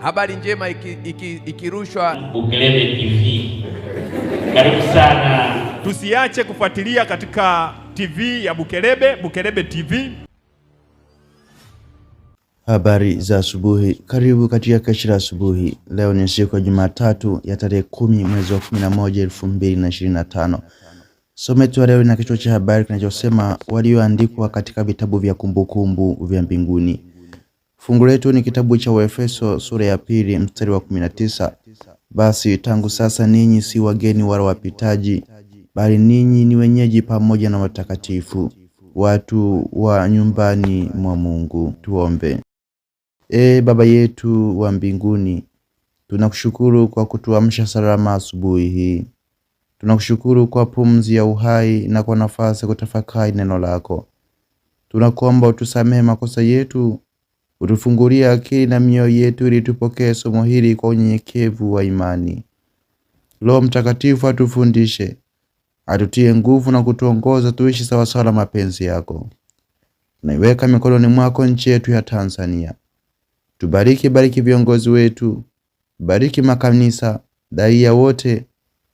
Habari njema ikirushwa iki, iki Bukelebe TV. Karibu sana, tusiache kufuatilia katika TV ya Bukelebe, Bukelebe TV. Habari za asubuhi, karibu katika Kesha la Asubuhi. Leo ni siku ya Jumatatu ya tarehe kumi mwezi wa 11 2025. Somo letu leo ina kichwa cha habari kinachosema walioandikwa katika vitabu vya kumbukumbu vya mbinguni. Fungu letu ni kitabu cha Waefeso sura ya pili mstari wa 19. Basi tangu sasa ninyi si wageni wala wapitaji, bali ninyi ni wenyeji pamoja na watakatifu, watu wa nyumbani mwa Mungu. Tuombe. E Baba yetu wa mbinguni, tunakushukuru kwa kutuamsha salama asubuhi hii. Tunakushukuru kwa pumzi ya uhai na kwa nafasi ya kutafakari neno lako. Tunakuomba utusamehe makosa yetu utufungulie akili na mioyo yetu ili tupokee somo hili kwa unyenyekevu wa imani. Roho Mtakatifu atufundishe, atutie nguvu na kutuongoza tuishi sawasawa na mapenzi yako. Naiweka mikononi mwako nchi yetu ya Tanzania. Tubariki, bariki viongozi wetu, bariki makanisa, daia wote.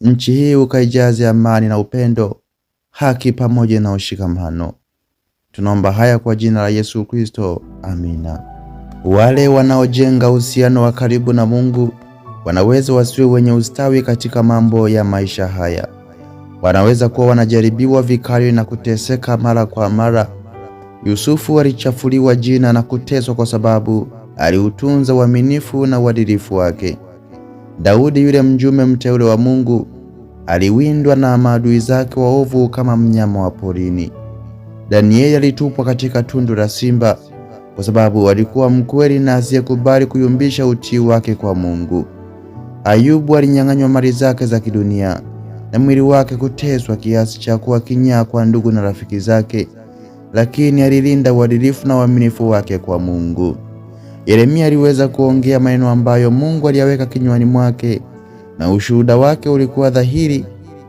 Nchi hii ukaijaze amani na upendo, haki pamoja na ushikamano. Tunaomba haya kwa jina la Yesu Kristo, amina. Wale wanaojenga uhusiano wa karibu na Mungu wanaweza wasiwe wenye ustawi katika mambo ya maisha haya. Wanaweza kuwa wanajaribiwa vikali na kuteseka mara kwa mara. Yusufu alichafuliwa jina na kuteswa kwa sababu aliutunza uaminifu na uadilifu wake. Daudi, yule mjume mteule wa Mungu, aliwindwa na maadui zake waovu kama mnyama wa porini. Danieli alitupwa katika tundu la simba kwa sababu alikuwa mkweli na asiyekubali kuyumbisha utii wake kwa Mungu. Ayubu alinyang'anywa mali zake za kidunia na mwili wake kuteswa kiasi cha kuwa kinyaa kwa ndugu na rafiki zake, lakini alilinda uadilifu na uaminifu wake kwa Mungu. Yeremia aliweza kuongea maneno ambayo Mungu aliyaweka kinywani mwake, na ushuhuda wake ulikuwa dhahiri,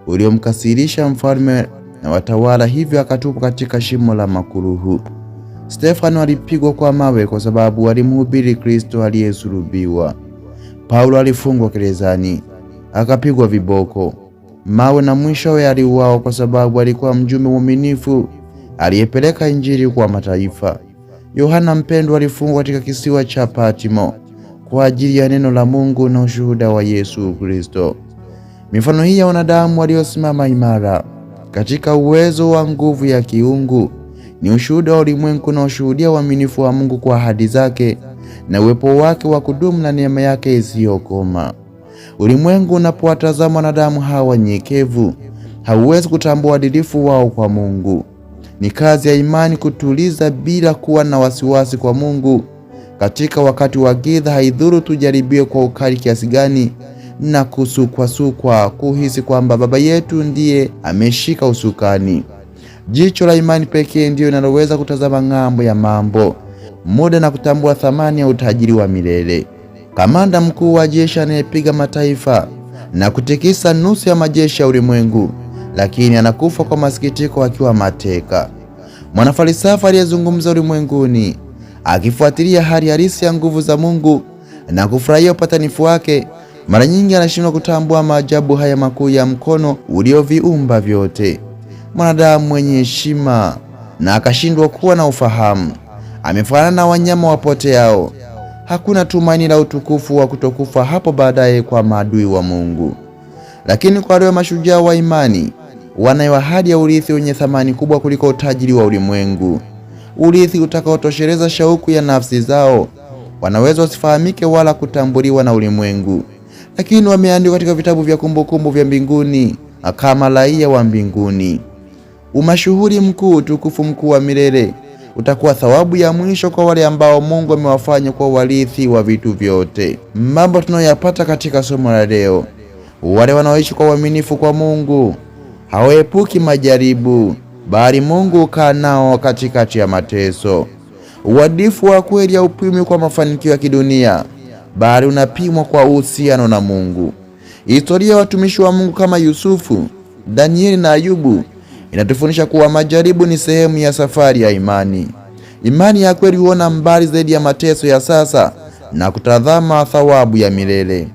uliomkasirisha mfalme na watawala, hivyo akatupwa katika shimo la makuruhu. Stefano alipigwa kwa mawe kwa sababu alimhubiri Kristo aliyesulubiwa. Paulo alifungwa gerezani, akapigwa viboko, mawe na mwishowe aliuawa kwa sababu alikuwa mjumbe mwaminifu aliyepeleka Injili kwa mataifa. Yohana mpendwa alifungwa katika kisiwa cha Patimo kwa ajili ya neno la Mungu na ushuhuda wa Yesu Kristo. Mifano hii ya wanadamu waliosimama imara katika uwezo wa nguvu ya kiungu ni ushuhuda wa ulimwengu unaoshuhudia uaminifu wa Mungu kwa ahadi zake na uwepo wake wa kudumu na neema yake isiyokoma. Ulimwengu unapowatazama wanadamu hawa wanyenyekevu, hauwezi kutambua uadilifu wao kwa Mungu. Ni kazi ya imani kutuliza bila kuwa na wasiwasi kwa Mungu katika wakati wa giza. Haidhuru tujaribiwe kwa ukali kiasi gani na kusukwasukwa, kuhisi kwamba baba yetu ndiye ameshika usukani. Jicho la imani pekee ndiyo linaloweza kutazama ng'ambo ya mambo, muda na kutambua thamani ya utajiri wa milele. Kamanda mkuu wa jeshi anayepiga mataifa na kutikisa nusu ya majeshi ya ulimwengu, lakini anakufa kwa masikitiko akiwa mateka. Mwanafalsafa aliyezungumza ulimwenguni akifuatilia hali halisi ya nguvu za Mungu na kufurahia upatanifu wake, mara nyingi anashindwa kutambua maajabu haya makuu ya mkono ulioviumba vyote mwanadamu mwenye heshima na akashindwa kuwa na ufahamu. Amefanana na wanyama wapoteao. Hakuna tumaini la utukufu wa kutokufa hapo baadaye kwa maadui wa Mungu. Lakini kwa wale mashujaa wa imani, wanayo ahadi ya urithi wenye thamani kubwa kuliko utajiri wa ulimwengu, urithi utakaotosheleza shauku ya nafsi zao. Wanaweza wasifahamike wala kutambuliwa na ulimwengu, lakini wameandikwa katika vitabu vya kumbukumbu vya mbinguni kama raia wa mbinguni umashuhuri mkuu, utukufu mkuu wa milele utakuwa thawabu ya mwisho kwa wale ambao Mungu amewafanya kwa warithi wa vitu vyote. Mambo tunayoyapata katika somo la leo: wale wanaoishi kwa uaminifu kwa Mungu hawaepuki majaribu, bali Mungu hukaa nao katikati ya mateso. Uadilifu wa kweli haupimwi kwa mafanikio ya kidunia, bali unapimwa kwa uhusiano na Mungu. Historia ya watumishi wa Mungu kama Yusufu, Danieli na Ayubu inatufundisha kuwa majaribu ni sehemu ya safari ya imani. Imani ya kweli huona mbali zaidi ya mateso ya sasa na kutazama thawabu ya milele.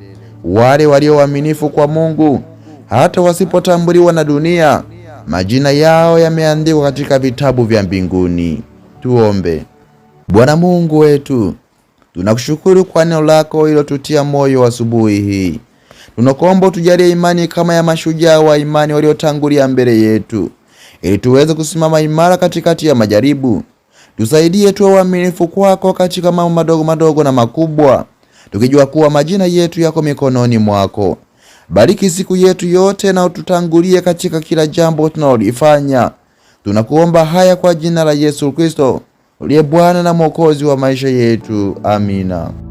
Wale walio waaminifu kwa Mungu, hata wasipotambuliwa na dunia, majina yao yameandikwa katika vitabu vya mbinguni. Tuombe. Bwana Mungu wetu, tunakushukuru kwa neno lako lilotutia moyo asubuhi hii. Tunakuomba utujalie imani kama ya mashujaa wa imani waliotangulia mbele yetu ili tuweze kusimama imara katikati ya majaribu. Tusaidie tuwe waaminifu kwako katika mambo madogo madogo na makubwa, tukijua kuwa majina yetu yako mikononi mwako. Bariki siku yetu yote na ututangulie katika kila jambo tunalolifanya. Tunakuomba haya kwa jina la Yesu Kristo uliye Bwana na Mwokozi wa maisha yetu. Amina.